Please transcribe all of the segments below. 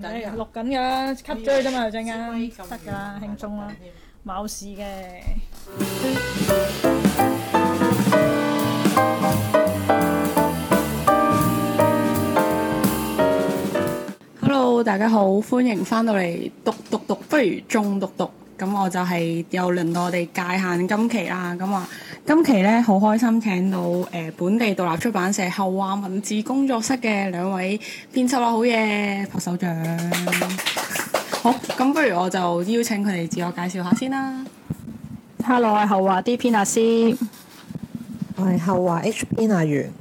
錄緊㗎啦，吸咗啫嘛，陣間得㗎啦，輕鬆啦，冇事嘅。Hello，大家好，歡迎翻到嚟獨讀讀，不如眾讀讀。咁我就係又輪到我哋界限今期啦，咁話今期咧好開心請到誒本地獨立出版社後話文字工作室嘅兩位編輯啦，好嘢，拍手掌。好，咁不如我就邀請佢哋自我介紹下先啦。Hello，我係後話 D 編阿師。我係後話 H 編阿員。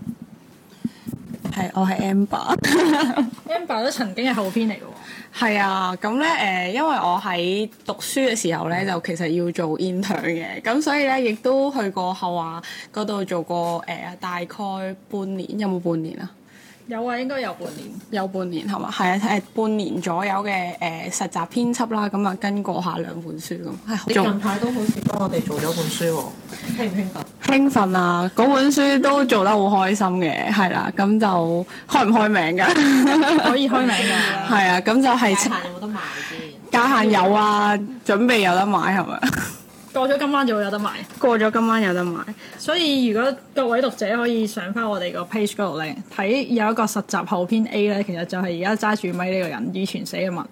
係，我係 Amber。Amber 都曾經係後編嚟㗎。係啊，咁咧誒，因為我喺讀書嘅時候咧，嗯、就其實要做 intern 嘅，咁所以咧亦都去過後話嗰度做過誒、呃，大概半年，有冇半年啊？有啊，應該有半年，有半年係嘛？係啊，誒、呃、半年左右嘅誒、呃、實習編輯啦，咁啊跟過下兩本書咁。哎、你近排都好似幫我哋做咗本書喎，興唔興奮？興奮啊！嗰本書都做得好開心嘅，係啦，咁就開唔開名㗎？ 可以開名㗎。係 啊，咁就係、係。界限有冇得買啲？界限有啊， 準備有得買係咪？過咗今晚就會有得買，過咗今晚有得買，所以如果各位讀者可以上翻我哋個 page 嗰度嚟睇，有一個實習後編 A 咧，其實就係而家揸住咪呢個人，以前寫嘅文，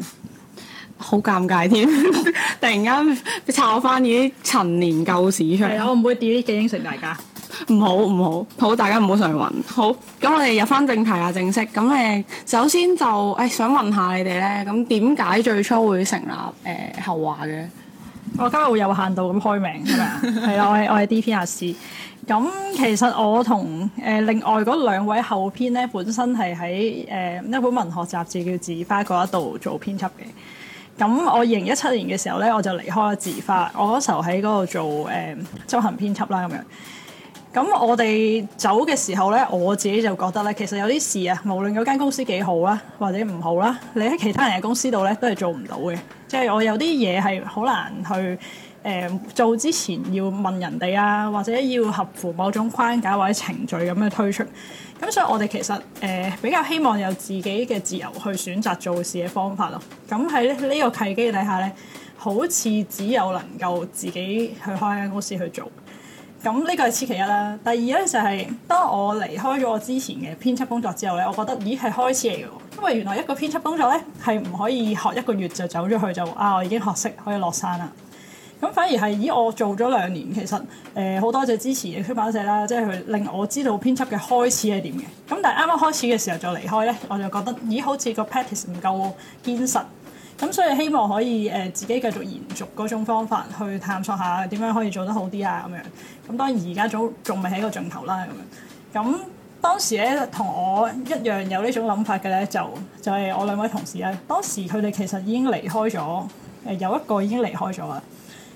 好尷尬添，欸、 突然間抄翻啲陳年舊事出嚟，我唔會 delete 嘅，應承大家，唔 好唔好，好大家唔好上嚟揾，好，咁我哋入翻正題啊，正式，咁誒，首先就誒想問，問下你哋咧，咁點解最初會成立誒、呃、後話嘅？我今日會有限度咁開名，係咪啊？係啊， 我係我係 d p r c 咁其實我同誒、呃、另外嗰兩位後編咧，本身係喺誒一本文學雜誌叫《字花》嗰一度做編輯嘅。咁我二零一七年嘅時候咧，我就離開咗《字花》，我嗰時候喺嗰度做誒、呃、執行編輯啦咁樣。咁我哋走嘅時候咧，我自己就覺得咧，其實有啲事啊，無論嗰間公司幾好啦，或者唔好啦，你喺其他人嘅公司度咧，都係做唔到嘅。即係我有啲嘢係好難去，誒、呃、做之前要問人哋啊，或者要合乎某種框架或者程序咁樣推出。咁所以我哋其實誒、呃、比較希望有自己嘅自由去選擇做事嘅方法咯。咁喺呢個契機底下咧，好似只有能夠自己去開間公司去做。咁呢個係此其一啦。第二咧就係、是、當我離開咗我之前嘅編輯工作之後咧，我覺得咦係開始嚟嘅，因為原來一個編輯工作咧係唔可以學一個月就走咗去就啊，我已經學識可以落山啦。咁反而係咦，我做咗兩年，其實誒好多謝支持嘅出版社啦，即係佢令我知道編輯嘅開始係點嘅。咁但係啱啱開始嘅時候就離開咧，我就覺得咦好似個 practice 唔夠堅實。咁、嗯、所以希望可以誒、呃、自己繼續延續嗰種方法去探索下點樣可以做得好啲啊咁樣。咁當然而家仲仲未喺個盡頭啦咁樣。咁當時咧同我一樣有種呢種諗法嘅咧，就就係、是、我兩位同事咧。當時佢哋其實已經離開咗，誒、呃、有一個已經離開咗啦。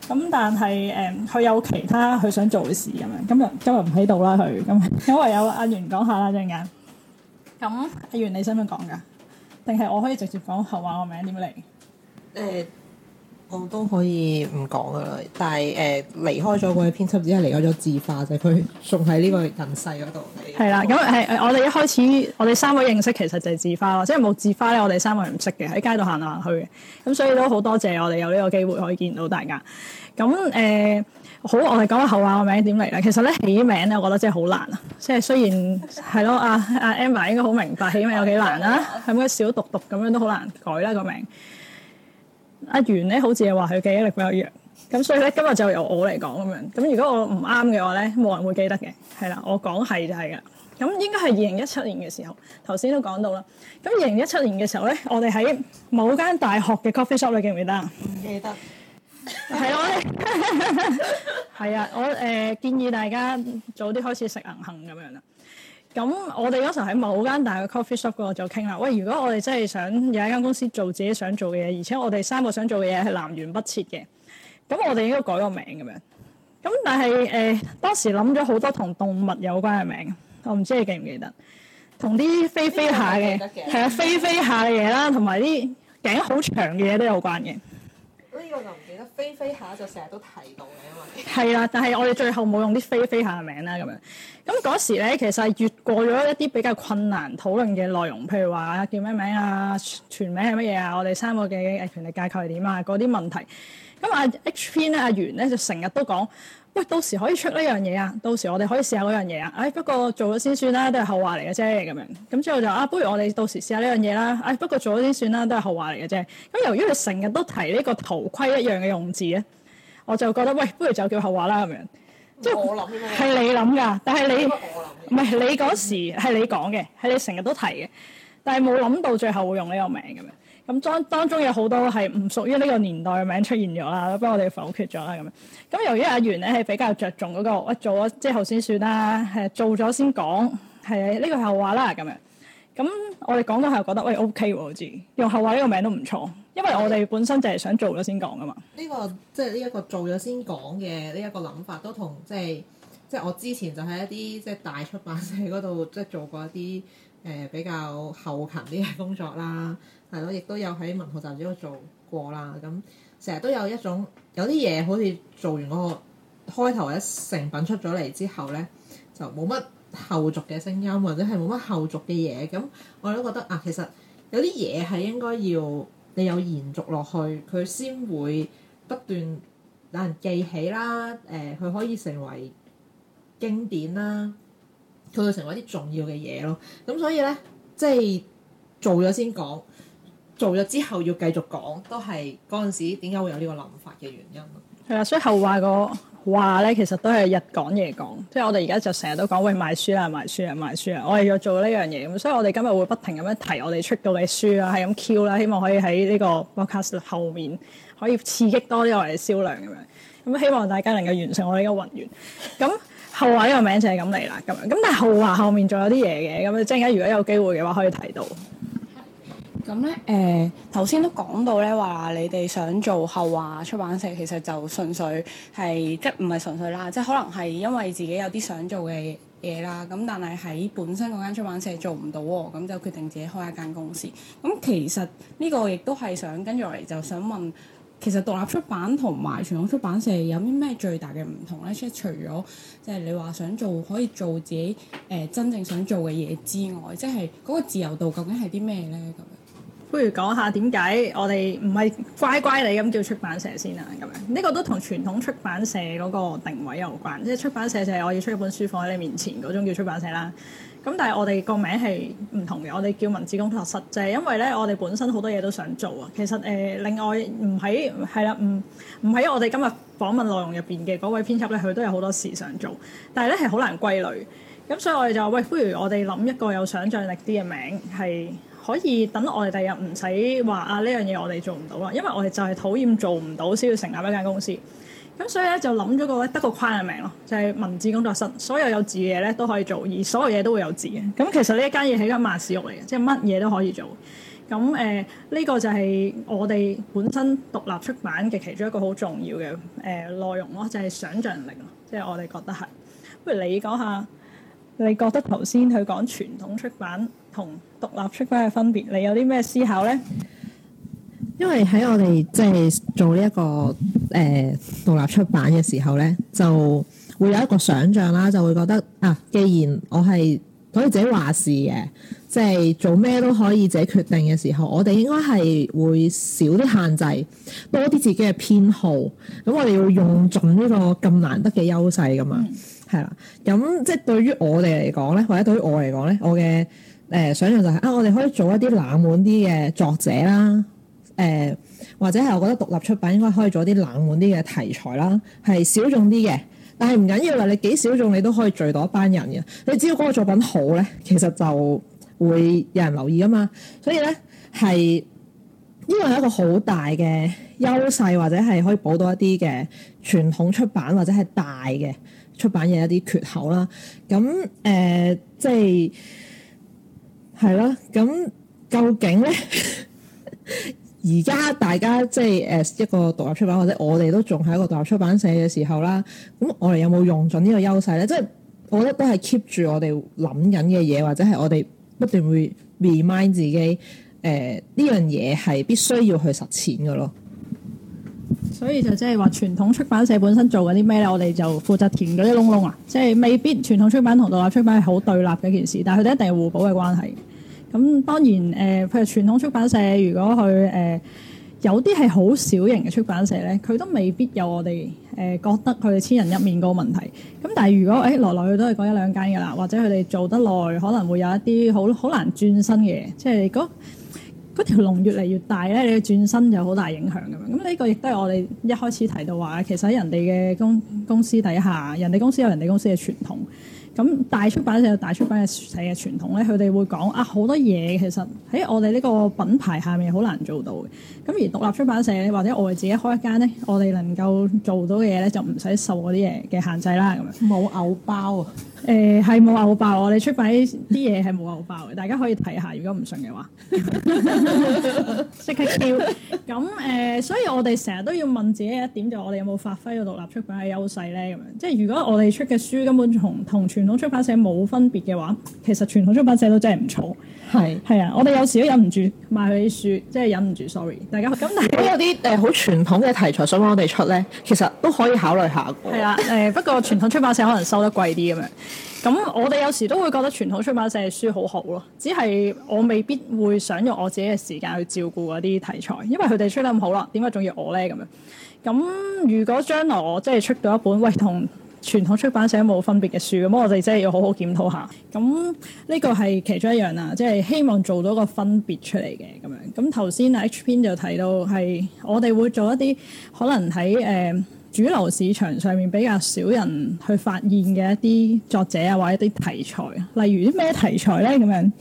咁但係誒佢有其他佢想做嘅事咁樣，樣。今日今日唔喺度啦佢，咁因為有阿袁講下啦陣間。咁樣阿袁，你想唔想講㗎？定係我可以直接講後話個名點嚟？即、呃、我都可以唔講噶啦，但係誒離開咗嗰啲編輯，只係離開咗字花啫，佢仲喺呢個人世嗰度。係啦，咁係、呃、我哋一開始我哋三個認識，其實就係字花，咯。即係冇字花咧，我哋三個唔識嘅，喺街度行嚟行去嘅。咁所以都好多謝我哋有呢個機會可以見到大家。咁誒、呃、好，我哋講下後話個名點嚟啦。其實咧起名咧，我覺得真係好難 啊。即係雖然係咯，阿阿 Emma 應該好明白起名有幾難啦。係咪少讀讀咁樣都好難改啦、個名。個名阿袁咧，好似話佢記憶力比較弱，咁所以咧今日就由我嚟講咁樣。咁如果我唔啱嘅話咧，冇人會記得嘅，係啦。我講係就係噶。咁應該係二零一七年嘅時候，頭先都講到啦。咁二零一七年嘅時候咧，我哋喺某間大學嘅 coffee shop 你記唔記得唔記得。係咯，係啊， 我誒、 呃、建議大家早啲開始食銀杏咁樣啦。咁我哋嗰時候喺某間大嘅 coffee shop 嗰度就傾啦，喂，如果我哋真係想有一間公司做自己想做嘅嘢，而且我哋三個想做嘅嘢係南轅北轍嘅，咁我哋應該改個名咁樣。咁但係誒、呃，當時諗咗好多同動物有關嘅名，我唔知你記唔記得，同啲飛飛下嘅，係啊飛飛下嘅嘢啦，同埋啲頸好長嘅嘢都有關嘅。呢個就唔記得，飛飛下就成日都提到嘅，因為係啦， 但係我哋最後冇用啲飛飛下嘅名啦，咁樣咁嗰時咧，其實係越過咗一啲比較困難討論嘅內容，譬如話叫咩名啊，全名係乜嘢啊，我哋三個嘅權力架構係點啊，嗰啲問題。咁阿 HP 咧，阿、啊、袁咧就成日都講。喂，到時可以出呢樣嘢啊！到時我哋可以試下嗰樣嘢啊！哎，不過做咗先算啦，都係後話嚟嘅啫咁樣。咁之後就啊，不如我哋到時試下呢樣嘢啦！哎，不過做咗先算啦，都係後話嚟嘅啫。咁由於佢成日都提呢個頭盔一樣嘅用字咧，我就覺得喂，不如就叫後話啦咁樣。啊、即係我諗係你諗㗎，但係你唔係、啊、你嗰時係你講嘅，係你成日都提嘅，但係冇諗到最後會用呢個名咁樣。咁當當中有好多係唔屬於呢個年代嘅名出現咗啦，不過我哋否決咗啦咁樣。咁由於阿源咧係比較着重嗰，那個，喂做咗即係後先算啦，係做咗先講，係啊呢個後話啦咁樣。咁我哋講到係覺得喂 OK 喎，好似用後話呢個名都唔錯，因為我哋本身就係想做咗先講噶嘛。呢，這個即係呢一個做咗先講嘅呢一個諗法都，都同即係即係我之前就喺一啲即係大出版社嗰度即係做過一啲誒，呃、比較後勤啲嘅工作啦。係咯，亦都有喺文學雜誌度做過啦。咁成日都有一種有啲嘢，好似做完嗰、那個開頭或者成品出咗嚟之後咧，就冇乜後續嘅聲音，或者係冇乜後續嘅嘢。咁、嗯、我都覺得啊，其實有啲嘢係應該要你有延續落去，佢先會不斷有人記起啦。誒、呃，佢可以成為經典啦，佢會成為一啲重要嘅嘢咯。咁、嗯、所以咧，即係做咗先講。做咗之後要繼續講，都係嗰陣時點解會有呢個諗法嘅原因咯。係啊，所以後話個話咧，其實都係日講夜講，即係我哋而家就成日都講喂，賣書啊賣書啊賣書啊，我哋要做呢樣嘢咁，所以我哋今日會不停咁樣提我哋出到嘅書啦，係咁 Q 啦，希望可以喺呢個 podcast 後面可以刺激多啲我哋銷量咁樣。咁希望大家能夠完成我哋呢個宏願。咁後話呢個名就係咁嚟啦。咁但係後話後面仲有啲嘢嘅，咁陣間如果有機會嘅話，可以提到。咁咧，誒頭先都講到咧，話你哋想做後話出版社，其實就純粹係即唔係純粹啦，即係可能係因為自己有啲想做嘅嘢啦。咁但係喺本身嗰間出版社做唔到喎、哦，咁就決定自己開一間公司。咁其實呢個亦都係想跟住嚟，就想問，其實獨立出版同埋傳統出版社有啲咩最大嘅唔同咧？即係除咗即係你話想做可以做自己誒、呃、真正想做嘅嘢之外，即係嗰個自由度究竟係啲咩咧？咁樣？不如講下點解我哋唔係乖乖地咁叫出版社先啊？咁樣，呢個都同傳統出版社嗰個定位有關，即係出版社就係我要出一本書放喺你面前嗰種叫出版社啦。咁但係我哋個名係唔同嘅，我哋叫文字工作室啫。因為咧，我哋本身好多嘢都想做啊。其實誒、呃，另外唔喺係啦，唔唔喺我哋今日訪問內容入邊嘅嗰位編輯咧，佢都有好多事想做，但係咧係好難歸類。咁所以我哋就話喂，不如我哋諗一個有想像力啲嘅名係。可以等我哋第日唔使話啊呢樣嘢我哋做唔到喇，因為我哋就係討厭做唔到先要成立一間公司。咁所以咧就諗咗個得個框嘅名咯，就係、是、文字工作室。所有有字嘅嘢都可以做，而所有嘢都會有字嘅。咁其實呢一間嘢係一個萬事屋嚟嘅，即係乜嘢都可以做。咁誒呢個就係我哋本身獨立出版嘅其中一個好重要嘅誒、呃、內容咯，就係、是、想像力咯。即係我哋覺得係不如你講下，你覺得頭先佢講傳統出版同獨立出版嘅分別，你有啲咩思考呢？因為喺我哋即係做呢、這、一個誒、呃、獨立出版嘅時候呢，就會有一個想像啦，就會覺得啊，既然我係可以自己話事嘅，即、就、係、是、做咩都可以自己決定嘅時候，我哋應該係會少啲限制，多啲自己嘅偏好。咁我哋要用盡呢個咁難得嘅優勢㗎嘛，係啦、嗯。咁即係對於我哋嚟講呢，或者對於我嚟講呢，我嘅。誒、呃，想像就係、是、啊，我哋可以做一啲冷門啲嘅作者啦，誒、呃，或者係我覺得獨立出版應該可以做一啲冷門啲嘅題材啦，係小眾啲嘅，但係唔緊要啦，你幾小眾你都可以聚到一班人嘅，你只要嗰個作品好咧，其實就會有人留意㗎嘛，所以咧係因為一個好大嘅優勢，或者係可以補到一啲嘅傳統出版或者係大嘅出版嘅一啲缺口啦，咁誒、呃，即係。係咯，咁究竟咧，而 家大家即係誒一個獨立出版，或者我哋都仲喺一個獨立出版社嘅時候啦。咁我哋有冇用盡呢個優勢咧？即係我覺得都係 keep 住我哋諗緊嘅嘢，或者係我哋不斷會 remind 自己誒呢、呃、樣嘢係必須要去實踐嘅咯。所以就即係話傳統出版社本身做緊啲咩咧？我哋就負責填嗰啲窿窿啊！即係未必傳統出版同獨立出版係好對立嘅一件事，但係佢哋一定係互補嘅關係。咁當然誒、呃，譬如傳統出版社，如果佢誒、呃、有啲係好小型嘅出版社咧，佢都未必有我哋誒、呃、覺得佢哋千人一面嗰個問題。咁但係如果誒來來去都係嗰一兩間嘅啦，或者佢哋做得耐，可能會有一啲好好難轉身嘅，即係嗰嗰條龍越嚟越大咧，你轉身就好大影響咁樣。咁呢個亦都係我哋一開始提到話，其實喺人哋嘅公公司底下，人哋公司有人哋公司嘅傳統。咁大出版社有大出版嘅社嘅傳統咧，佢哋會講啊好多嘢，其實喺我哋呢個品牌下面好難做到嘅。咁而獨立出版社或者我哋自己開一間咧，我哋能夠做到嘅嘢咧，就唔使受嗰啲嘢嘅限制啦。咁樣冇餡包啊！誒係冇話好爆，我哋出版啲嘢係冇話好爆嘅，大家可以睇下。如果唔信嘅話，即刻跳。咁、嗯、誒、呃，所以我哋成日都要問自己一點，就我哋有冇發揮到獨立出版嘅優勢咧？咁樣即係如果我哋出嘅書根本同同傳統出版社冇分別嘅話，其實傳統出版社都真係唔錯。係係是啊，我哋有時都忍唔住買佢啲書，即係忍唔住。Sorry，大家咁，但係如果有啲誒、呃、好傳統嘅題材想幫我哋出咧，其實都可以考慮下。係了啊，誒、呃、 不過傳統出版社可能收得貴啲咁樣。咁我哋有時都會覺得傳統出版社嘅書好好咯，只係我未必會想用我自己嘅時間去照顧嗰啲題材，因為佢哋出得咁好啦，點解仲要我咧咁樣？咁如果將來我即係出到一本喂同傳統出版社冇分別嘅書，咁我哋真係要好好檢討下。咁呢個係其中一樣啦，即係希望做到個分別出嚟嘅咁樣。咁頭先 HP 就提到係我哋會做一啲可能喺誒、呃主流市場上面比較少人去發現嘅一啲作者啊，或者一啲題材，例如啲咩題材咧咁樣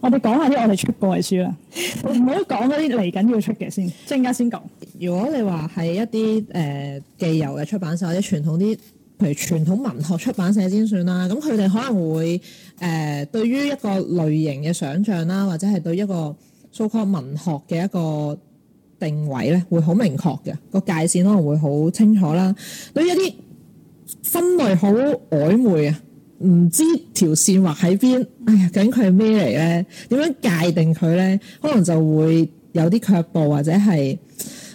我我？我哋講下啲我哋出過嘅書啦，唔好講嗰啲嚟緊要出嘅先，即係而家先講。如果你話喺一啲誒既有嘅出版社或者傳統啲，譬如傳統文學出版社先算啦，咁佢哋可能會誒、呃、對，對於一個類型嘅想象啦，或者係對一個 so-called 文學嘅一個。定位咧，會好明確嘅，個界線可能會好清楚啦。對於一啲分類好曖昧啊，唔知條線劃喺邊，哎呀，究竟佢係咩嚟咧？點樣界定佢咧？可能就會有啲卻步，或者係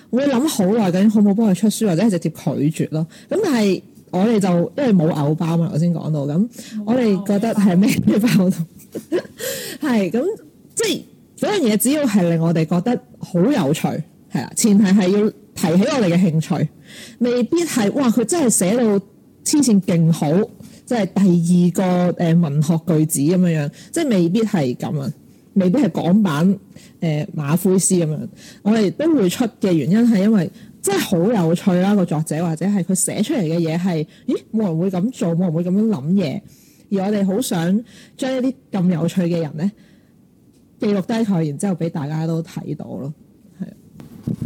會諗好耐，究竟好唔好幫佢出書，或者係直接拒絕咯？咁但係我哋就因為冇偶包嘛，頭先講到咁，我哋覺得係咩咩包度？係咁，即係嗰樣嘢，只要係令我哋覺得好有趣。係啊，前提係要提起我哋嘅興趣，未必係哇佢真係寫到黐線勁好，即係第二個誒、呃、文學句子咁樣樣，即係未必係咁啊，未必係港版誒、呃、馬夫斯咁樣。我哋都會出嘅原因係因為真係好有趣啦個作者，或者係佢寫出嚟嘅嘢係咦冇人會咁做，冇人會咁樣諗嘢，而我哋好想將一啲咁有趣嘅人咧記錄低佢，然之後俾大家都睇到咯。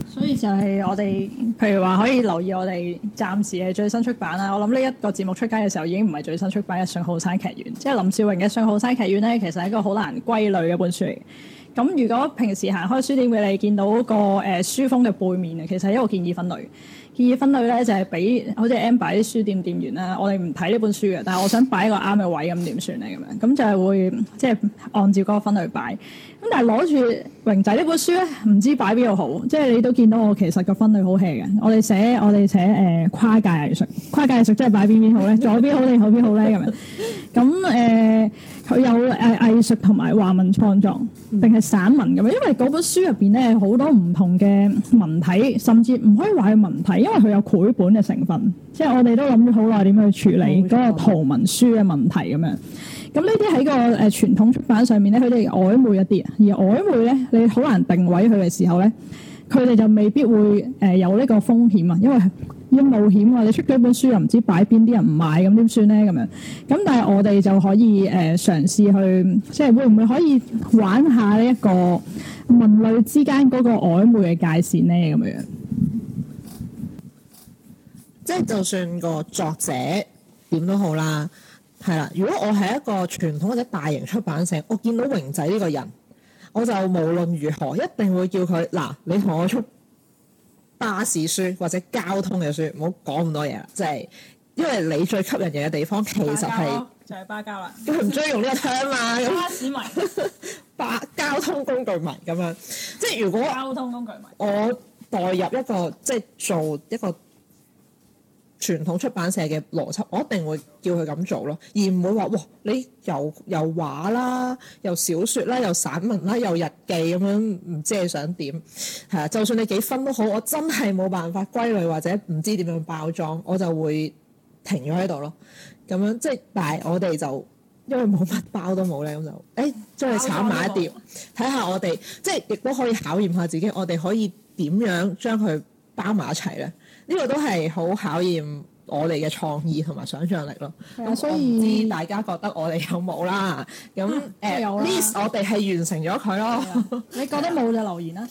所以就係我哋，譬如話可以留意我哋暫時係最新出版啦。我諗呢一個節目出街嘅時候已經唔係最新出版嘅《信號山劇院》，即係林兆榮嘅《信號山劇院》咧，其實係一個好難歸類嘅本書。咁如果平時行開書店畀你見到，那個誒、呃、書封嘅背面啊，其實係一個建議分類。意分類咧就係俾好似 Amber 啲書店店員啦，我哋唔睇呢本書嘅，但係我想擺一個啱嘅位，咁點算咧咁樣，咁就係會即係按照嗰個分類擺。咁但係攞住榮仔呢本書咧，唔知擺邊度好。即係你都見到我其實個分類好 hea 嘅。我哋寫我哋寫誒跨界藝術，跨界藝術即係擺邊邊好咧？左邊好定後邊好咧咁樣？咁誒？佢有誒藝術同埋華文創作，定係散文咁樣，因為嗰本書入邊咧好多唔同嘅文體，甚至唔可以話係文體，因為佢有繪本嘅成分，即係我哋都諗咗好耐點樣去處理嗰個圖文書嘅問題咁樣。咁呢啲喺個誒傳統出版上面咧，佢哋曖昧一啲，而曖昧咧，你好難定位佢嘅時候咧，佢哋就未必會誒有呢個風險啊，因為。要冒險喎，你出幾本書又唔知擺邊啲人唔買，咁點算咧？咁樣，咁但係我哋就可以誒嘗試去，即係會唔會可以玩下呢一個文類之間嗰個曖昧嘅界線咧？咁樣，即係就算個作者點都好啦，係啦。如果我係一個傳統或者大型出版社，我見到榮仔呢個人，我就無論如何一定會叫佢嗱，你同我出。巴士書或者交通嘅書，唔好講咁多嘢啦，即係因為你最吸引人嘅地方其實係就係巴交啦，佢唔中意用呢個 term 嘛，巴士迷， 巴交通工具迷咁樣，即係如果交通工具迷，我代入一個即係做一個。傳統出版社嘅邏輯，我一定會叫佢咁做咯，而唔會話：「哇！你又又畫啦，又小説啦，又散文啦，又日記咁樣，唔知你想點？係啊，就算你幾分都好，我真係冇辦法歸類或者唔知點樣包裝，我就會停咗喺度咯。咁樣即係，但係我哋就因為冇乜包都冇咧，咁就誒將佢炒埋一碟，睇下我哋即係亦都可以考驗下自己，我哋可以點樣將佢包埋一齊咧？呢個都係好考驗我哋嘅創意同埋想像力咯，咁所以大家覺得我哋有冇、嗯呃、啦？咁誒，yes，我哋係完成咗佢咯。你覺得冇就留言啦。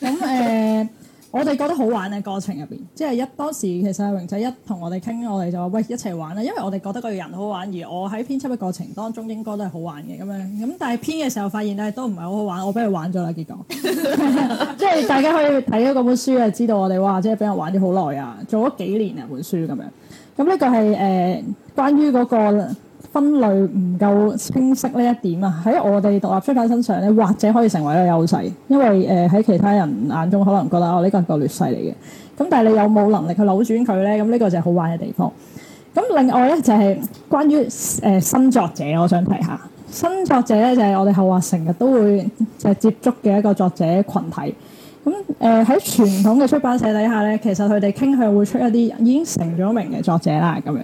咁誒的。我哋覺得好玩嘅過程入邊，即係一當時其實阿榮仔一同我哋傾，我哋就話喂，一齊玩啦，因為我哋覺得嗰個人好玩，而我喺編輯嘅過程當中應該都係好玩嘅咁樣，咁但係編嘅時候發現咧都唔係好好玩，我俾佢玩咗啦結果，即係大家可以睇咗嗰本書啊，知道我哋哇即係俾人玩咗好耐啊，做咗幾年啊本書咁樣，咁呢、這個係誒、呃、關於嗰、那個。分類唔夠清晰呢一點啊，喺我哋獨立出版身上咧，或者可以成為一個優勢，因為誒喺、呃、其他人眼中可能覺得哦呢、這個係個劣勢嚟嘅，咁但係你有冇能力去扭轉佢咧？咁呢個就係好玩嘅地方。咁另外咧就係、是、關於誒、呃、新作者，我想提下新作者咧就係、是、我哋後話成日都會誒接觸嘅一個作者群體。咁誒喺傳統嘅出版社底下咧，其實佢哋傾向會出一啲已經成咗名嘅作者啦，咁樣。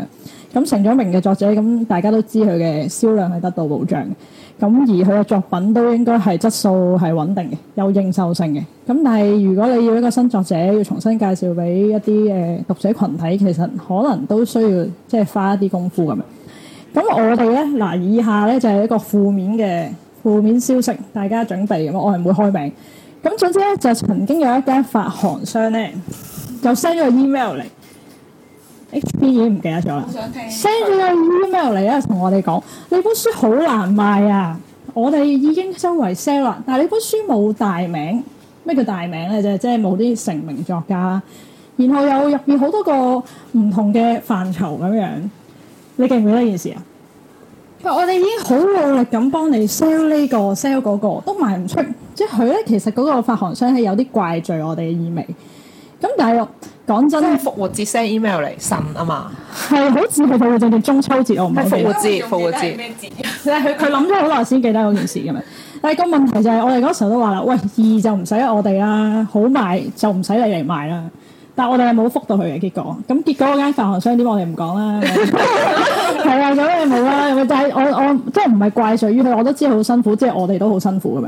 咁成咗名嘅作者，咁大家都知佢嘅銷量係得到保障嘅。咁而佢嘅作品都應該係質素係穩定嘅，有應受性嘅。咁但係如果你要一個新作者要重新介紹俾一啲誒讀者羣體，其實可能都需要即係花一啲功夫咁樣。咁我哋咧嗱，以下咧就係一個負面嘅負面消息，大家準備咁。我係唔會開名。咁總之咧，就曾經有一間發行商咧，就 send 咗個 email 嚟。XP 已經唔記得咗啦。send 咗個 email 嚟啊，同我哋講你本書好難賣啊。我哋已經周圍 sell 啦，但係你本書冇大名。咩叫大名咧？就即係冇啲成名作家。然後有入邊好多個唔同嘅範疇咁樣。你記唔記得呢件事啊？我哋已經好努力咁幫你 sell 呢個 sell 嗰個都賣唔出。即係佢咧，其實嗰個發行商係有啲怪罪我哋嘅意味。咁但係，講真，復活節 send email 嚟神啊嘛，係好似係佢哋就叫中秋節，我唔記得。復活節，復活節。即係佢佢諗咗好耐先記得嗰件事嘅嘛。 但係個問題就係、是，我哋嗰時候都話啦，喂，二就唔使我哋啦，好賣就唔使你嚟賣啦。但係我哋係冇覆到佢嘅結果，咁結果嗰間發行商點我哋唔講啦，係啊，咁你冇啦，咪就係我我即係唔係怪罪於佢，因為我都知好辛苦，即係我哋都好辛苦嘅。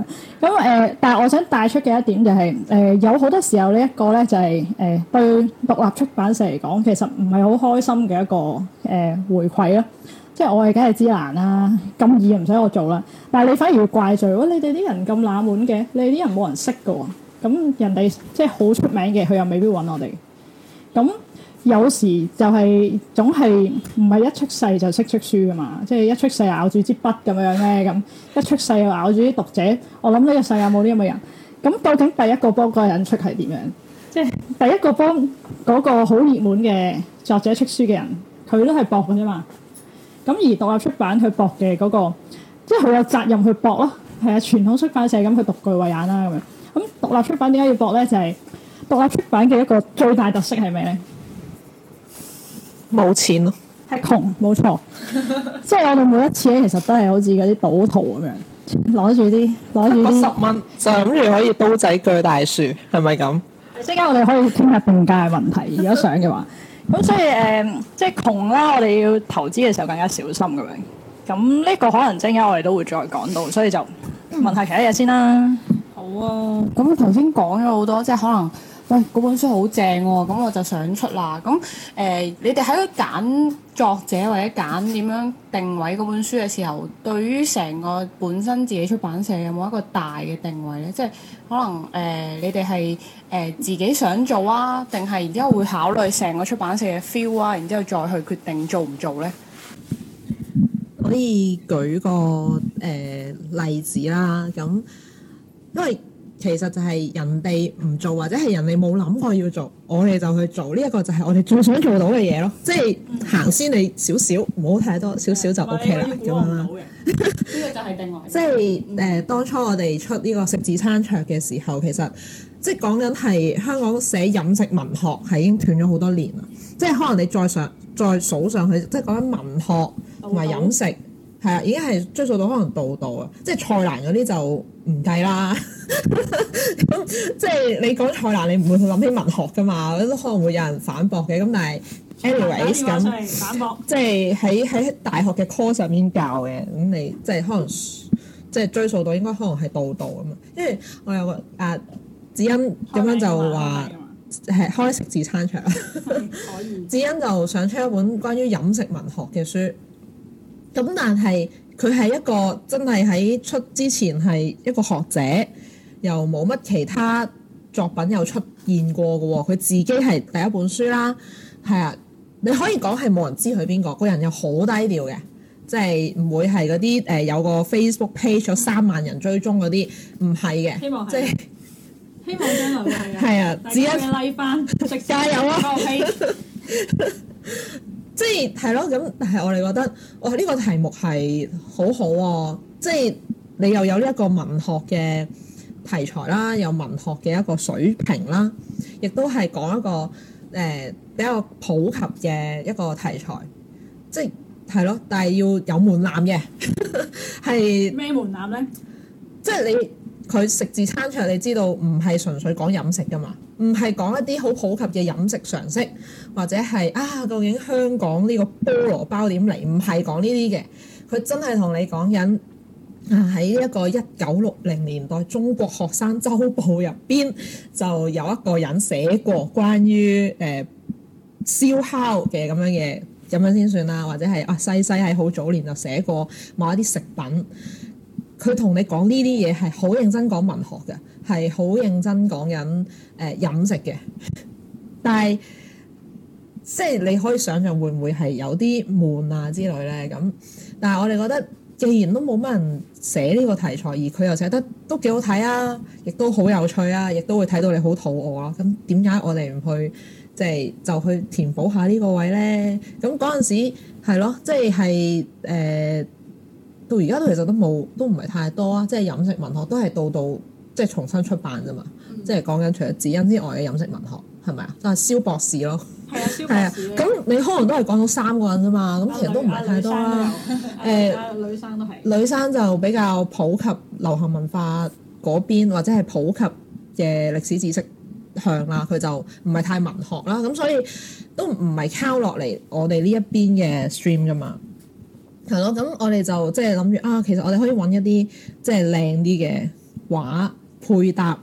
咁誒，但係我想帶出嘅一點就係誒，有好多時候呢一個咧就係誒對獨立出版社嚟講，其實唔係好開心嘅一個誒回饋咯。即係我哋梗係知難啦，咁易就唔使我做啦。但係你反而要怪罪，如果你哋啲人咁冷門嘅，你哋啲人冇人識㗎喎。咁人哋即係好出名嘅，佢又未必揾我哋。咁有時就係、係、總係唔係一出世就識出書噶嘛？即係一出世咬住支筆咁樣咧，咁一出世又咬住啲讀者。我諗呢個世有冇呢咁嘅人？咁究竟第一個幫嗰個人出係點樣？即係是第一個幫嗰個好熱門嘅作者出書嘅人，佢都係搏嘅啫嘛。咁而獨立出版去搏嘅嗰個，即係好有責任去搏咯。係啊，傳統出版社咁去獨具慧眼啦咁樣。咁獨立出版點解要搏咧？就係、是、獨立出版嘅一個最大特色係咩咧？冇錢咯，係窮，冇錯。 即係我哋每一次咧，其實都係好似嗰啲賭徒咁樣，攞住啲攞住十蚊就諗住可以刀仔鋸大樹，係咪咁？即係我哋可以傾下定價嘅問題，如果想嘅話。咁 所以誒，即、呃、係、就是、窮啦，我哋要投資嘅時候更加小心咁樣。咁呢個可能即刻我哋都會再講到，所以就問下其他嘢先啦。 好啊！咁頭先講咗好多，即係可能喂嗰本書好正喎，哦，咁我就想出啦。咁誒、呃，你哋喺度揀作者或者揀點樣定位嗰本書嘅時候，對於成個本身自己出版社有冇一個大嘅定位呢？即係可能誒、呃，你哋係誒自己想做啊，定係然之後會考慮成個出版社嘅 feel 啊，然之後再去決定做唔做呢？可以舉個誒、呃、例子啦，咁。因為其實就係人哋唔做或者係人哋冇諗過要做，我哋就去做呢一、這個就係我哋最想做到嘅嘢咯。即係行先你少少，唔好太多少少、嗯、就 OK 啦咁樣啦。呢個就係定外。 即係誒、呃，當初我哋出呢個食字餐桌嘅時候，其實即係講緊係香港寫飲食文學係已經斷咗好多年啦。即係可能你再上再數上去，即係講緊文學同埋飲食。係啊，已經係追溯到可能道道啊，即係蔡瀾嗰啲就唔計啦。咁、 嗯、即係你講蔡瀾，你唔會去諗起文學噶嘛，都可能會有人反駁嘅。咁但係 anyways 咁，即係喺喺大學嘅 course 上面教嘅，咁你即係可能即係追溯到應該可能係道道啊嘛。因為我有個啊子欣咁樣就話係開，開食字餐場， 子欣就想出一本關於飲食文學嘅書。咁、嗯、但係佢係一個真係喺出之前係一個學者，又冇乜其他作品又出現過嘅喎、哦。佢自己係第一本書啦，係啊，你可以講係冇人知佢邊個，個人又好低調嘅，即係唔會係嗰啲誒有個 Facebook page 咗三萬人追蹤嗰啲，唔係嘅。希望係。即係、希望將來係啊！大家拉翻，食加油啊！ 係咯，咁、嗯、但係我哋覺得哇，呢、哦這個題目係好好、哦、喎，即係你又有呢一個文學嘅題材啦，有文學嘅一個水平啦，亦都係講一個誒、呃、比較普及嘅一個題材，即係係咯，但係要有門檻嘅，係 咩是門檻咧？即係你佢食字餐桌，你知道唔係純粹講飲食噶嘛？唔係講一啲好普及嘅飲食常識，或者係啊，究竟香港呢個菠蘿包點嚟？唔係講呢啲嘅，佢真係同你講緊啊，喺一個一九六零年代中國學生周報入邊，就有一個人寫過關於誒、呃、燒烤嘅咁樣嘢，咁樣先算啦？或者係啊，西西喺好早年就寫過某一啲食品，佢同你講呢啲嘢係好認真講文學嘅。係好認真講緊誒飲食嘅， 但係即係你可以想象會唔會係有啲悶啊之類咧咁。但係我哋覺得，既然都冇乜人寫呢個題材，而佢又寫得都幾好睇啊，亦都好有趣啊，亦都會睇到你好肚餓咯、啊。咁點解我哋唔去即係、就是、就去填補下呢個位咧？咁嗰陣時係咯，即係係誒到而家都其實都冇，都唔係太多啊。即、就、係、是、飲食文學都係到到。即係重新出版啫嘛，即係講緊除咗芷茵之外嘅飲食文學係咪啊？就係、是、蕭博士咯，係啊，蕭博士。咁、 啊、你可能都係講到三個人啫嘛，咁其實都唔係太多啦。誒、啊，女生都係女生就比較普及流行文化嗰邊，或者係普及嘅歷史知識向啦，佢就唔係太文學啦。咁所以都唔係靠落嚟我哋呢一邊嘅 stream 噶嘛，係咯、啊。咁我哋就即係諗住啊，其實我哋可以揾一啲即係靚啲嘅畫。配搭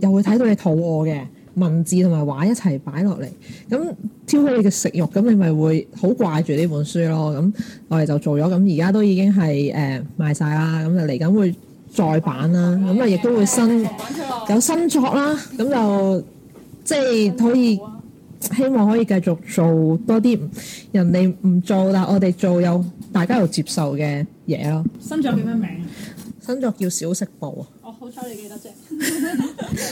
又會睇到你肚餓嘅文字同埋畫一齊擺落嚟，咁挑起你嘅食欲。咁你咪會好掛住呢本書咯。咁我哋就做咗，咁而家都已經係誒、呃、賣晒啦。咁就嚟緊會再版啦，咁啊亦都會新有新作啦。咁就即係可以希望可以繼續做多啲人哋唔做但我哋做有大家又接受嘅嘢咯。新作叫咩名？新作叫小食部啊。好彩你記得啫！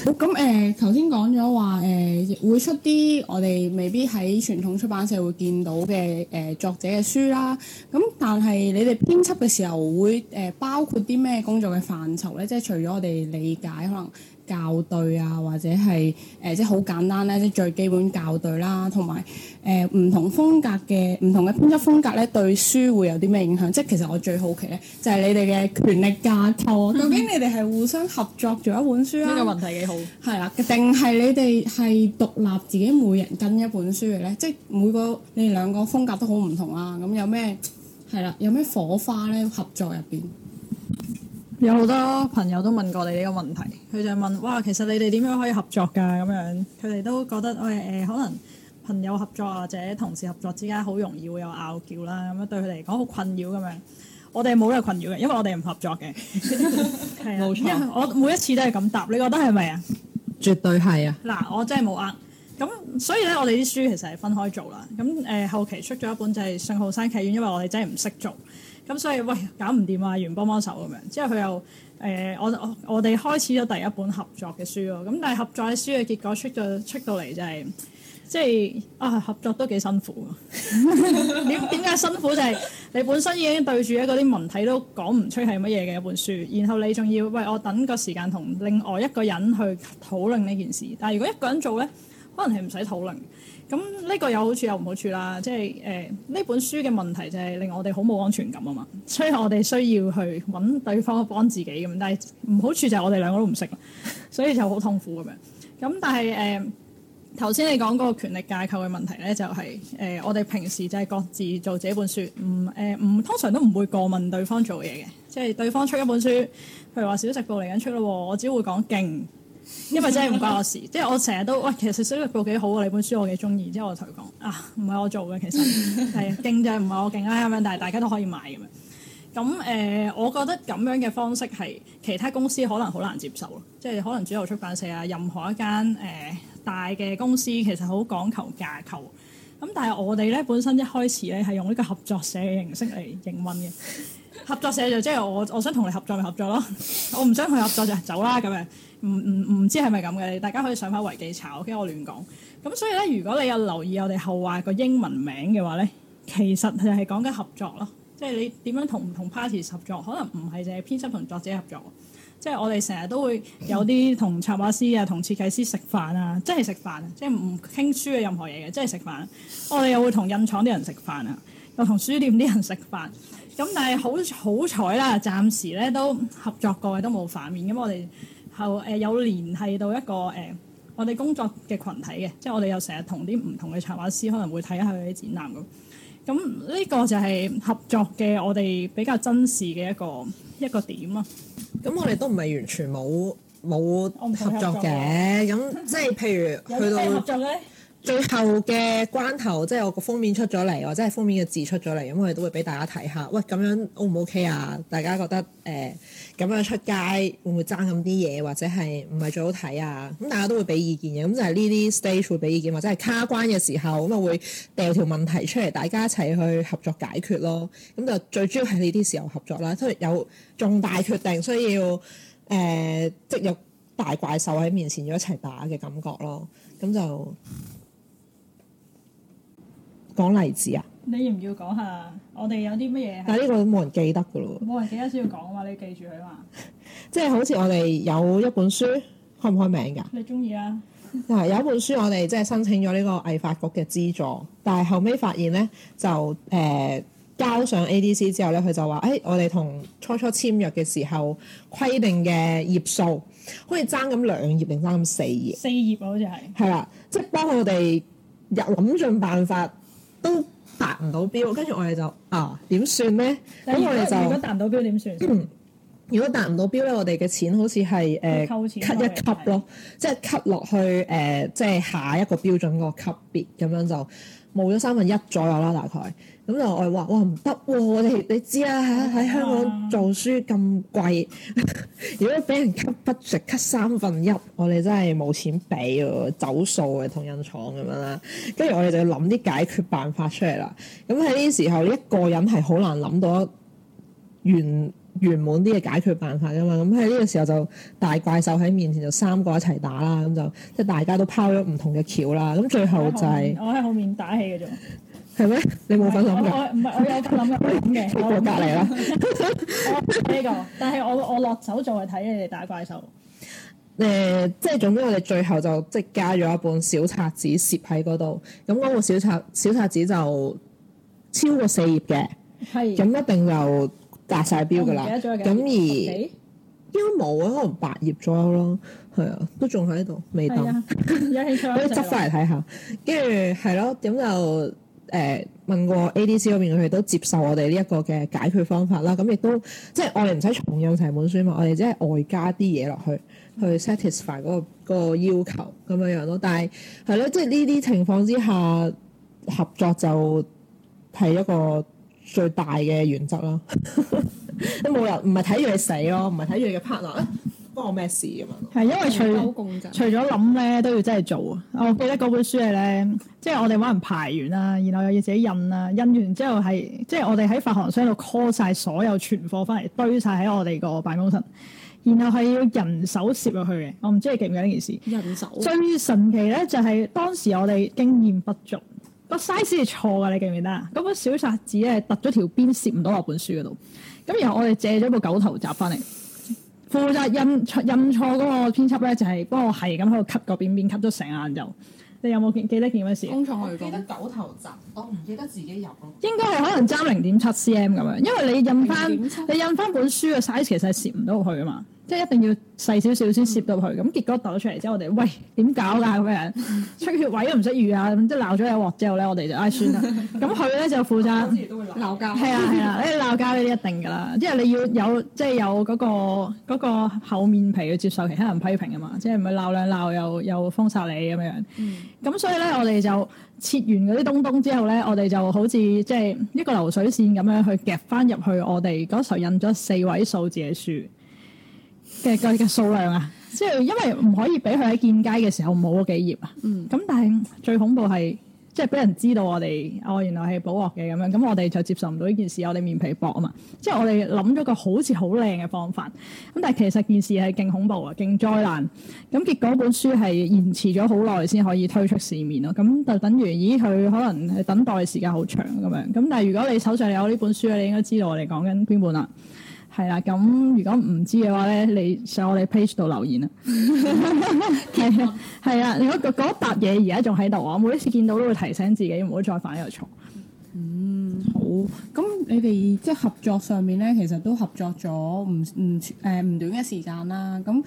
咁誒頭先講咗話誒會出啲我哋未必喺傳統出版社會見到嘅誒、呃、作者嘅書啦。咁但係你哋編輯嘅時候會誒、呃、包括啲咩工作嘅範疇咧？即係除咗我哋理解可能校對啊，或者係誒、呃、即係好簡單咧，即係最基本校對啦，同埋誒唔同風格嘅唔同嘅編輯風格咧，對書會有啲咩影響？即係其實我最好奇咧，就係、是、你哋嘅權力架構，究竟你哋係互相。 合作做一本書啊，呢個問題幾好。係啦，定係你哋係獨立自己每人跟一本書嘅咧？即係每個你哋兩個風格都好唔同啊。咁有咩係啦？有咩火花咧？合作入面，有好多朋友都問過你呢個問題，佢就問：哇，其實你哋點樣可以合作㗎？咁樣佢哋都覺得，誒誒，可能朋友合作或者同事合作之間，好容易會有拗撬啦。咁樣對佢嚟講好困擾咁樣。我哋冇呢個困擾嘅，因為我哋唔合作嘅，係 啊的，冇錯。因為我每一次都係咁答，你覺得係咪啊？絕對係啊！嗱，我真係冇呃咁，所以咧，我哋啲書其實係分開做啦。咁誒、呃，後期出咗一本就係《信號山劇院》，因為我哋真係唔識做咁，所以喂搞唔掂啊，原幫幫手咁樣。之後佢又誒、呃，我我哋開始咗第一本合作嘅書咯。咁但係合作嘅書嘅結果出到出到嚟就係、是。即係啊，合作都幾辛， 辛苦。點點解辛苦就係你本身已經對住嗰啲文體都講唔出係乜嘢嘅一本書，然後你仲要喂我等個時間同另外一個人去討論呢件事。但係如果一個人做咧，可能係唔使討論。咁呢個有好處有唔好處啦。即係誒呢本書嘅問題就係令我哋好冇安全感啊嘛。所以我哋需要去揾對方幫自己咁，但係唔好處就係我哋兩個都唔識，所以就好痛苦咁樣。咁但係誒。呃頭先你講嗰個權力架構嘅問題咧、就係，就係誒，我哋平時就係各自做自己本書，唔誒唔通常都唔會過問對方做嘢嘅。即係對方出一本書，譬如話小食部嚟緊出咯，我只會講勁，因為真係唔關我事。 即係我成日都喂，其實小食部幾好喎，你本書我幾中意。之後我同佢講啊，唔係我做嘅，其實係 勁就係唔係我勁啦咁樣，但係大家都可以買咁樣。咁誒、呃，我覺得咁樣嘅方式係其他公司可能好難接受咯，即係可能主流出版社啊，任何一間誒。呃大嘅公司其實好講求架構，咁但係我哋咧本身一開始咧係用呢個合作社嘅形式嚟營運嘅，合作社就即係我我想同你合作咪合作咯，我唔想同你合作就走啦咁樣，唔唔唔知係咪咁嘅，大家可以上翻維基查，OK？我驚我亂講。咁所以咧，如果你有留意我哋後話個英文名嘅話咧，其實係係講緊合作咯，即係你點樣同唔同 parties 合作，可能唔係淨係編輯同作者合作。即係我哋成日都會有啲同插畫師啊，同設計師食飯,、啊、飯啊，即係食飯，即係唔傾書嘅任何嘢嘅，即係食飯、啊。我哋又會同印廠啲人食飯啊，又同書店啲人食飯。咁、嗯、但係好好彩啦，暫時咧都合作過嘅都冇反面。咁、嗯、我哋後誒有聯繫到一個誒、呃、我哋工作嘅群體嘅，即係我哋又成日同啲唔同嘅插畫師可能會睇下佢啲展覽咁。咁呢個就係合作嘅我哋比較珍視嘅一個一個點啊！咁我哋都唔係完全冇冇合作嘅，咁即係譬如去到最後嘅關頭，即係我個封面出咗嚟，或者係封面嘅字出咗嚟，咁我哋都會俾大家睇下，喂，咁樣 O 唔 O K 啊？大家覺得誒？呃咁樣出街會唔會爭咁啲嘢，或者係唔係最好睇啊？咁大家都會俾意見嘅，咁就係呢啲 stage 會俾意見，或者係卡關嘅時候咁啊，會掉條問題出嚟，大家一齊去合作解決咯。咁就最主要係呢啲時候合作啦。雖然有重大決定需要，誒、呃，即、就係、有大怪獸喺面前要一齊打嘅感覺咯。咁就講例子啊！你要唔要講下？我哋有啲乜嘢？但係呢個都冇人記得嘅咯喎。冇人記得先要講嘛？你記住佢嘛？ 即係好似我哋有一本書，開唔開名㗎？你中意啦。嗱 有一本書，我哋即係申請咗呢個藝發局嘅資助，但係後尾發現咧就誒、呃、交上 ADC 之後咧，佢就話：誒、哎、我哋同初初簽約嘅時候規定嘅頁數，好似爭咁兩頁定爭咁四頁。四頁啊，好似係。係啦，即係幫我哋又諗盡辦法都。達唔到標，跟住我哋就啊點算咧？咁我哋就如果達唔到標點算？如果達唔到標咧，我哋嘅錢好似係誒扣錢 cut 一級咯的、呃，即係 cut 落去誒，即係下一個標準個級別咁樣就冇咗三分一左右啦，大概。咁就我係話：哇唔得喎！我哋你，你知啦，喺喺香港做書咁貴， 如果俾人 cut budget cut 三分一，我哋真係冇錢俾走數嘅同人廠咁樣啦。跟住我哋就要諗啲解決辦法出嚟啦。咁喺呢個時候，一個人係好難諗到完完滿啲嘅解決辦法噶嘛。咁喺呢個時候就大怪獸喺面前，就三個一齊打啦。咁就即係大家都拋咗唔同嘅橋啦。咁最後就係、是、我喺後，後面打氣嘅啫。係咩？你冇份諗？嘅？唔係，我有諗嘅。我隔離啦。呢個，但係我我落手做係睇你哋打怪獸。誒，即係總之我哋最後就即係加咗一本小冊子，攝喺嗰度。咁嗰本小冊小冊子就超過四頁嘅。係。咁一定就達晒標㗎啦。唔記得咗嘅。咁而應該冇啊，可能八頁左右咯。係啊，都仲喺度未到。有興趣。我執翻嚟睇下。跟住係咯，點就？誒、呃、問過 ADC 嗰邊佢哋都接受我哋呢一個嘅解決方法啦，咁亦都即係我哋唔使重印成本書嘛，我哋即係外加啲嘢落去去 satisfy 嗰、那個那個嗰個嗰個要求咁樣樣咯。但係係咯，即係呢啲情況之下合作就係一個最大嘅原則啦。你冇人唔係睇住你死咯，唔係睇住你嘅 partner。幫我咩事咁樣。係因為除對除咗諗咧，對都要真係做啊！我記得嗰本書咧，即係我哋揾人排完啦，然後又要自己印啦，印完之後係即係我哋喺發行商度 call 晒所有存貨翻嚟，堆晒喺我哋個辦公室，然後係要人手攝入去嘅。我唔知你記唔記得呢件事？人手最神奇咧，就係、是、當時我哋經驗不足，個 size 係錯㗎。你記唔記得啊？嗰本小冊子咧，凸咗條邊，攝唔到落本書嗰度。咁然後我哋借咗部《狗頭集》翻嚟。負責印錯印錯嗰個編輯咧，就係、是、幫我係咁喺度吸個邊邊吸咗成眼就，你有冇記記得件咩事？工廠我記得九頭集，我唔記得自己有。應該係可能爭零點七 cm 咁樣，因為你印翻 10. 7? 你印翻本書嘅 size 其實係攝唔到去啊嘛。即係一定要細少少先攝到佢，咁、嗯、結果揼出嚟、即係、 之後，我哋喂點搞㗎咁樣？出血位都唔識預啊！咁即係鬧咗一鑊之後咧，我哋就唉算啦。咁佢咧就負責鬧交，係 啊係啊！你鬧交呢啲一定㗎啦，因為你要有即係、即係、有嗰、嗰個嗰厚、嗰個、面皮去接受其他人批評㗎嘛。即係唔係鬧兩鬧又又封殺你咁樣咁、嗯、所以咧，我哋就切完嗰啲東東之後咧，我哋就好似即係一個流水線咁樣去夾翻入去我哋嗰時候印咗四位數字嘅書。嘅個嘅數量啊，即係因為唔可以俾佢喺見街嘅時候冇嗰幾頁啊。嗯。咁但係最恐怖係，即係俾人知道我哋哦，原來係補鑊嘅咁樣。咁我哋就接受唔到呢件事，我哋面皮薄啊嘛。即係我哋諗咗個好似好靚嘅方法，咁但係其實件事係勁恐怖啊，勁災難。咁結果本書係延遲咗好耐先可以推出市面咯。咁就等於咦佢可能等待時間好長咁樣。咁但係如果你手上你有呢本書，你應該知道我哋講緊邊本啦。係啦，咁如果唔知嘅話咧，你上我哋 page 度留言啦。係啊，係啊，如果嗰一笪嘢而家仲喺度，我每一次見到都會提醒自己，唔好再犯呢個錯。嗯，好。咁你哋即係合作上面咧，其實都合作咗唔唔誒唔短嘅時間啦。咁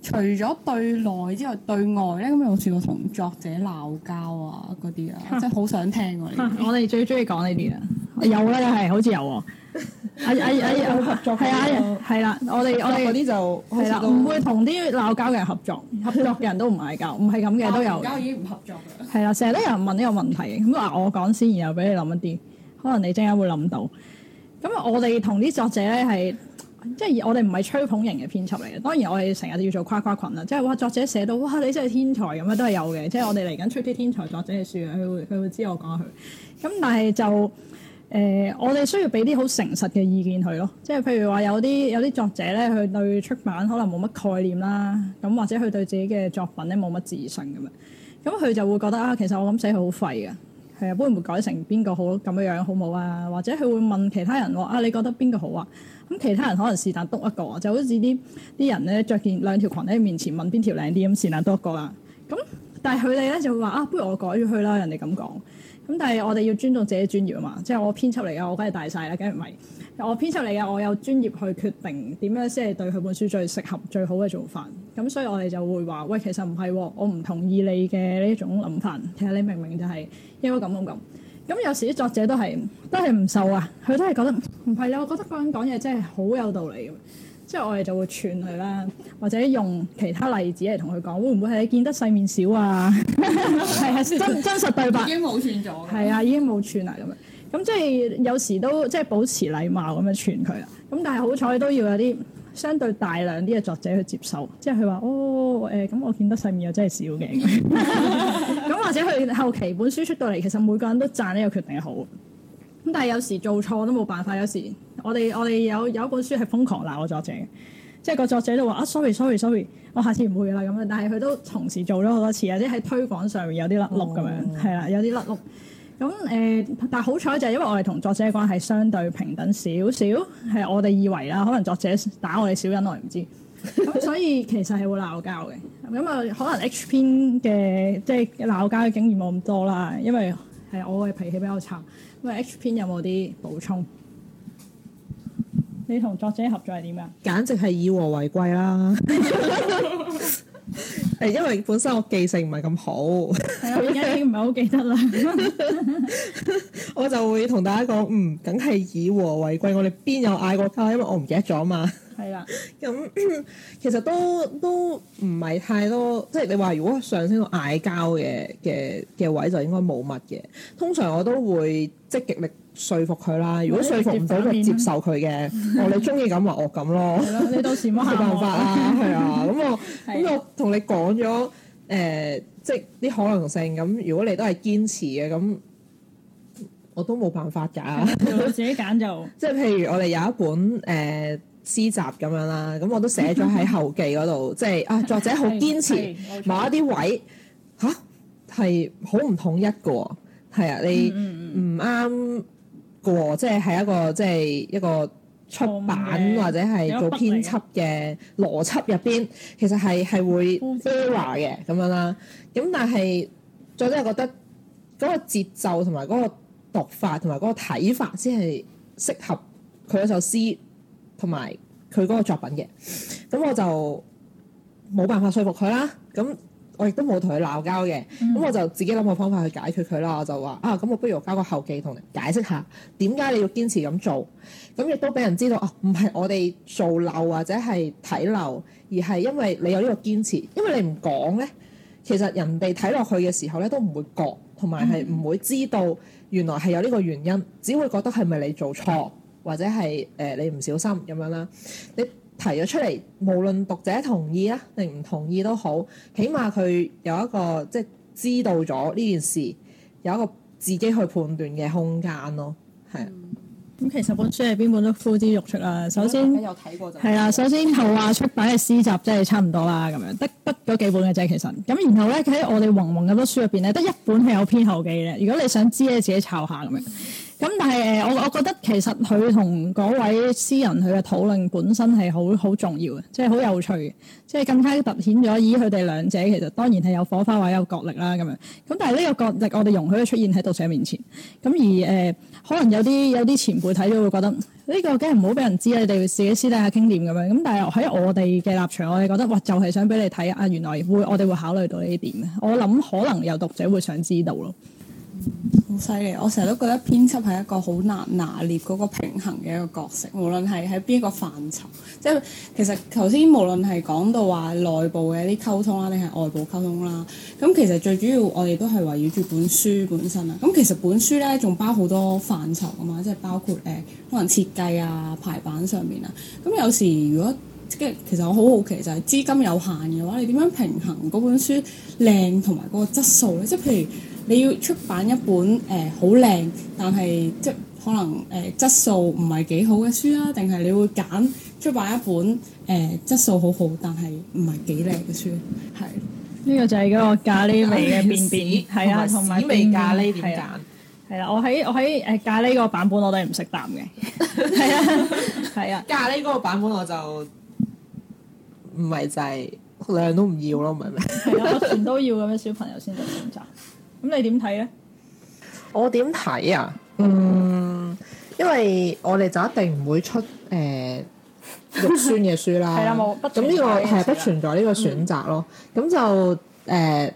除咗對內之外，對外咧，咁有冇試過同作者鬧交啊？嗰啲啊，即係好想聽喎。我哋最中意講呢啲啊。 有啦，又係好似有喎。阿阿阿，哎哎、合作係呀係啦。我哋我哋嗰啲就係啦，唔會同啲鬧交嘅人合作。合作嘅人都唔嗌交，唔係咁嘅都有。嗌交已經唔合作嘅。係啦，成日都有人問呢個問題，咁話我講先，然後俾你諗一啲，可能你陣間會諗到。咁我哋同啲作者咧係，即係我哋唔係吹捧型嘅編輯嚟嘅。當然我哋成日都要做誇夸群啦，即係哇作者寫到哇，你真係天才咁樣，都係有嘅。即係我哋嚟緊出啲天才作者嘅書，佢會佢會知我講佢。咁但係就。誒、呃，我哋需要俾啲好誠實嘅意見佢咯，即係譬如話有啲有啲作者咧，佢對出版可能冇乜概念啦，咁或者佢對自己嘅作品咧冇乜自信咁樣，咁佢就會覺得啊，其實我咁寫係好廢㗎，係啊，會唔會改成邊個好咁樣樣好冇啊？或者佢會問其他人話啊，你覺得邊個好啊？咁其他人可能是但篤一個，就好似啲啲人咧着件兩條裙喺面前問邊條靚啲咁，是但篤一個啦。咁但係佢哋咧就會話啊，不如我改咗佢啦，人哋咁講。咁但係我哋要尊重自己專業啊嘛，即係我編輯嚟嘅，我梗係大晒啦，梗係唔係？我編輯嚟嘅，我有專業去決定點樣先係對佢本書最適合最好嘅做法。咁所以我哋就會話：喂，其實唔係喎，我唔同意你嘅呢種諗法。其實你明明就係應該咁咁咁。有時啲作者都係都係唔受啊，佢都係覺得唔係啊，我覺得個人講嘢真係好有道理。即係我哋就會串佢啦，或者用其他例子嚟同佢講，會唔會係你見得世面少啊？係啊，真真實對白已經冇串咗。係啊，已經冇串啊咁樣。咁即係有時都即係、就是、保持禮貌咁樣串佢啊。咁但係好彩都要有啲相對大量啲嘅作者去接受，即係佢話哦誒，咁、呃、我見得世面又真係少嘅。咁或者佢後期本書出到嚟，其實每個人都讚呢個決定好。咁但係有時做錯都冇辦法。有時我哋我哋有有一本書係瘋狂鬧我作者嘅，即係個作者都話啊、ah，sorry sorry sorry，我下次唔會啦咁樣。但係佢都同時做咗好多次有啲喺推廣上面有啲甩碌咁樣係啦，有啲甩碌咁誒。但係好彩就係因為我哋同作者嘅關係相對平等少少，係我哋以為啦，可能作者打我哋小人我唔知咁， 所以其實係會鬧交嘅咁啊。可能 H 篇嘅即係鬧交嘅經驗冇咁多啦，因為係我嘅脾氣比較差。喂，H 編有冇啲補充？你同作者合作係點啊？簡直係以和為貴啦！誒，因為本身我記性唔係咁好，係啊，我而家已經唔係好記得啦。 我就會同大家講，嗯，梗係以和為貴。我哋邊有嗌過交，因為我唔記得咗嘛。 係啦，咁 其實都都唔係太多，即係你話如果上升到嗌交嘅嘅嘅位，就應該冇乜嘅。通常我都會積極力說服佢啦。如果說服唔到，佢接，接受佢嘅、 哦，我你中意咁話我咁咯。 你到時冇辦法啦，係啊我。咁 我咁我同你講咗，誒、呃，即係啲可能性。咁如果你都係堅持嘅，咁我都冇辦法㗎。我自己揀做。 即係譬如我哋有一本誒。呃呃詩集咁樣啦，咁我都寫咗喺後記嗰度， 即係啊作者好堅持某一啲位吓，係好唔統一㗎喎，係啊你唔啱㗎喎，即係喺一個即係一個出版或者係做編輯嘅邏輯入邊， 嗯、 其實係係會 error 嘅咁樣啦。咁但係作者覺得嗰個節奏同埋嗰個讀法同埋嗰個睇法先係適合佢嗰首詩。同埋佢嗰個作品嘅，咁我就冇辦法說服佢啦。咁我亦都冇同佢鬧交嘅。咁我就自己諗個方法去解決佢啦。我就話啊，咁我不如交個後記同你解釋下點解你要堅持咁做。咁亦都俾人知道啊，唔係我哋做漏，或者係睇漏，而係因為你有呢個堅持。因為你唔講呢，其實人哋睇落去嘅時候呢，都唔會覺，同埋係唔會知道原來係有呢個原因，只會覺得係咪你做錯？或者係誒、呃、你唔小心咁樣啦，你提咗出嚟，無論讀者同意啊定唔同意都好，起碼佢有一個即係知道咗呢件事，有一個自己去判斷嘅空間咯，係。咁、嗯嗯、其實本書係邊本都呼之欲出啦。首先，係啊，首先後話出版嘅詩集即係差唔多啦，咁樣得筆嗰幾本嘅啫，其實。咁然後咧喺我哋宏蒙咁多書入邊咧，得一本係有編後記嘅。如果你想知咧，自己抄下咁樣。 咁、嗯、但係係誒，我我覺得其實佢同嗰位詩人佢嘅討論本身係好好重要嘅，即係好有趣，即係更加突顯咗以佢哋兩者其實當然係有火花位有角力啦咁樣。咁但係呢個角力我哋容許佢出現喺讀者面前。咁而誒、呃，可能有啲有啲前輩睇到會覺得呢、呢個梗係唔好俾人知你哋自己私底下傾掂咁樣。咁但係喺我哋嘅立場，我哋覺得哇，就係、係、想俾你睇啊！原來會我哋會，會考慮到呢啲點，我諗可能有讀者會想知道咯。好犀利！我成日都覺得編輯係一個好難拿捏嗰個平衡嘅一個角色，無論係喺邊一個範疇。即係其實頭先，無論係講到話內部嘅一啲溝通啦，定係外部溝通啦，咁其實最主要我哋都係圍繞住本書本身啊。咁其實本書咧仲包好多範疇㗎嘛，即係包括誒、呃、可能設計啊、排版上面啊。咁有時如果即係其實我好好奇就係資金有限嘅話，你點樣平衡嗰本書靚同埋嗰個質素咧？即係譬如。你要出版一本誒好靚，但係即係可能誒、呃、質素唔係幾好嘅書啊？定係你會揀出、出版一本誒、呃、質素好好，但係唔係幾靚嘅書？係呢個就係嗰個咖喱味嘅便便，係屎還有 啊，同埋咖喱味咖喱點揀便？係啦、啊啊，我喺我喺誒咖喱個版本我都係唔識答嘅。係 啊，係啊，咖喱嗰個版本我就唔係就係、是、兩樣都唔要咯，唔係咩？係啊，全都要嘅咩？小朋友先做選擇。 咁你點睇咧？我點睇啊？嗯，因為我哋就一定唔會出誒、呃、肉酸嘅書啦。係啦、 嗯，冇。咁呢個係不存在呢、呢個、個選擇咯。咁、嗯、就誒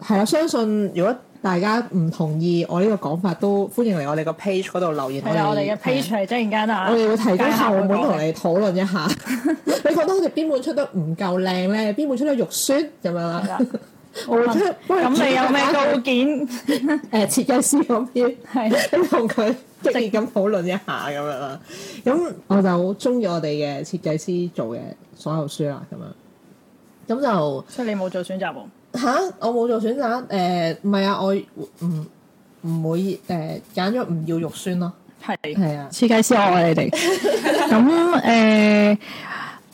係啊，相信如果大家唔同意我呢個講法，都歡迎嚟我哋個 page 嗰度留言。係、呃、啊，我哋嘅 page 係突然間啊，我哋會提供下我會同你討論一下。 你覺得好似邊本出得唔夠靚咧？邊本出得肉酸咁樣啦？的 我咁你有咩稿件？誒設計師嗰邊，跟住同佢激烈咁討論一下咁樣啦。咁我就好中意我哋嘅設計師做嘅所有書啦咁樣。咁就即係你冇做選擇喎？吓！我冇做選擇。誒唔係啊，我唔唔會誒揀咗唔要肉酸咯。係係啊，設計師愛你哋。咁誒，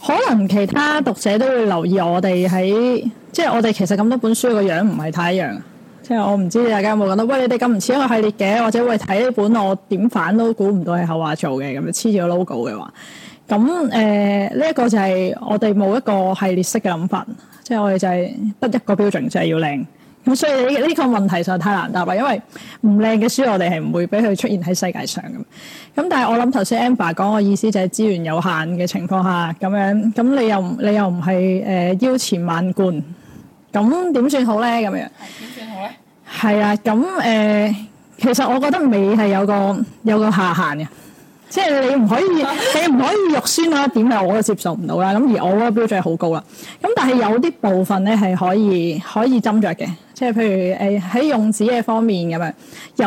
可能其他讀者都會留意我哋喺。即係我哋其實咁多本書個樣唔係太一樣，即係我唔知大家有冇覺得，喂，你哋咁唔似一個系列嘅，或者會睇呢本我點反都估唔到係後話做嘅，咁樣黐住個 logo 嘅話，咁誒呢一個就係我哋冇一個系列式嘅諗法，即係我哋就係得一個標準就係、是、要靚，咁所以呢個問題實在太難答啦，因為唔靚嘅書我哋係唔會俾佢出現喺世界上嘅，咁但係我諗頭先 Amber 講嘅意思就係資源有限嘅情況下咁樣，咁你又你又唔係誒腰纏萬貫。呃咁點算好咧？咁樣點算好咧？係啊，咁誒、呃，其實我覺得美係有個有個下限嘅，即係你唔可以， 你唔可以肉酸啦，點係我都接受唔到啦。咁而我嗰個標準係好高啦。咁但係有啲部分咧係可以可以斟酌嘅，即係譬如誒喺、呃、用紙嘅方面咁樣，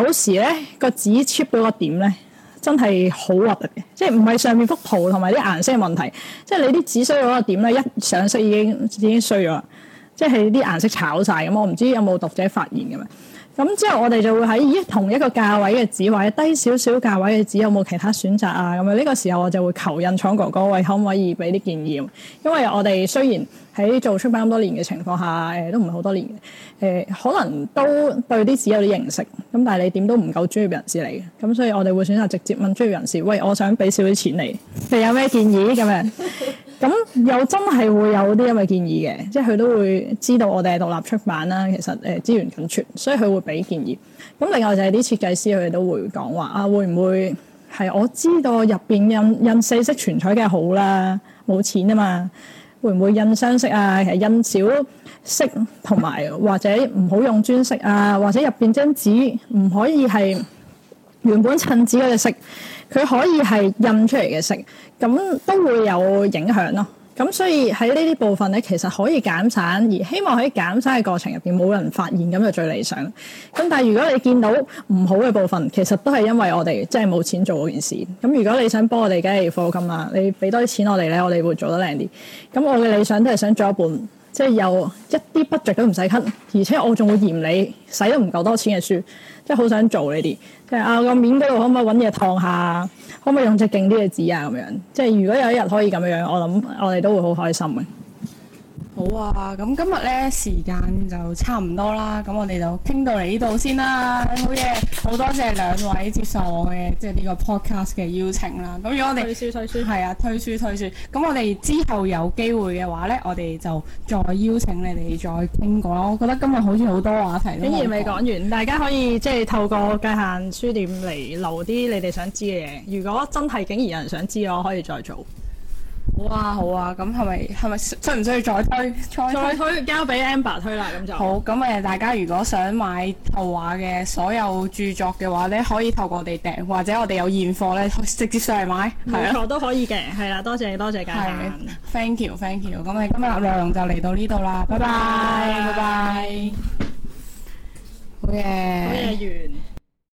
有時咧個紙 cheap 嗰個點咧真係好核突嘅，即係唔係上面幅圖同埋啲顏色嘅問題，即係你啲紙衰嗰個點咧一上色已經已經衰咗啦。即係啲顏色炒晒，咁，我唔知有冇讀者發現嘅咩？咁之後我哋就會喺咦同一個價位嘅紙，或者低少少價位嘅紙有冇其他選擇啊？咁樣呢個時候我就會求印廠哥哥，喂，可唔可以俾啲建議？因為我哋雖然喺做出版咁多年嘅情況下，誒、呃、都唔係好多年，誒、呃、可能都對啲紙有啲認識，咁但係你點都唔夠專業人士嚟嘅，咁所以我哋會選擇直接問專業人士：喂，我想俾少啲錢你，你有咩建議咁啊？ 咁又真係會有啲咁嘅建議嘅，即係佢都會知道我哋係獨立出版啦，其實誒資源緊缺，所以佢會俾建議。咁另外就係啲設計師佢哋都會講話啊，會唔會係我知道入邊印印四色全彩嘅好啦、啊，冇錢啊嘛，會唔會印雙色啊，其實印少色同埋或者唔好用專色啊，或者入邊張紙唔可以係原本襯紙嘅色。佢可以係印出嚟嘅色，咁都會有影響咯。咁所以喺呢啲部分咧，其實可以減省，而希望喺減省嘅過程入邊冇人發現，咁就最理想。咁但係如果你見到唔好嘅部分，其實都係因為我哋真係冇錢做嗰件事。咁如果你想幫我哋，梗係要貨金啦。你俾多啲錢我哋咧，我哋會做得靚啲。咁我嘅理想都係想做一本。.即係又一啲 budget 都唔使 cut，而且我仲會嫌你使得唔夠多錢嘅書，即係好想做呢啲，即係拗個面俾度，可唔可以揾嘢燙下？可唔可以用隻勁啲嘅紙啊？咁樣，即係如果有一日可以咁樣，我諗我哋都會好開心嘅。好啊，咁、嗯、今日咧時間就差唔多啦，咁、嗯、我哋就傾到嚟呢度先啦。好嘢，好多謝兩位接受我嘅即係呢個 podcast 嘅邀請啦。咁、嗯、如果我哋退書退書，係啊，退書退書。咁我哋之後有機會嘅話咧，我哋就再邀請你哋再傾過囉。我覺得今日好似好多話題，竟然未講完，大家可以即係透過界限書店嚟留啲你哋想知嘅嘢。如果真係竟然有人想知，我可以再做。好啊好啊，咁係咪係咪需唔需要再推再推，再推交俾 Amber 推啦？咁就好。咁誒，大家如果想買後話嘅所有著作嘅話咧，可以透過我哋訂，或者我哋有現貨呢，直接上嚟買。冇錯， 都可以嘅。係啦，多謝你多謝姐姐，感謝。Thank you，Thank you, thank you。咁我哋今日內容就嚟到呢度啦，拜拜，拜拜。好嘅。好嘢！完。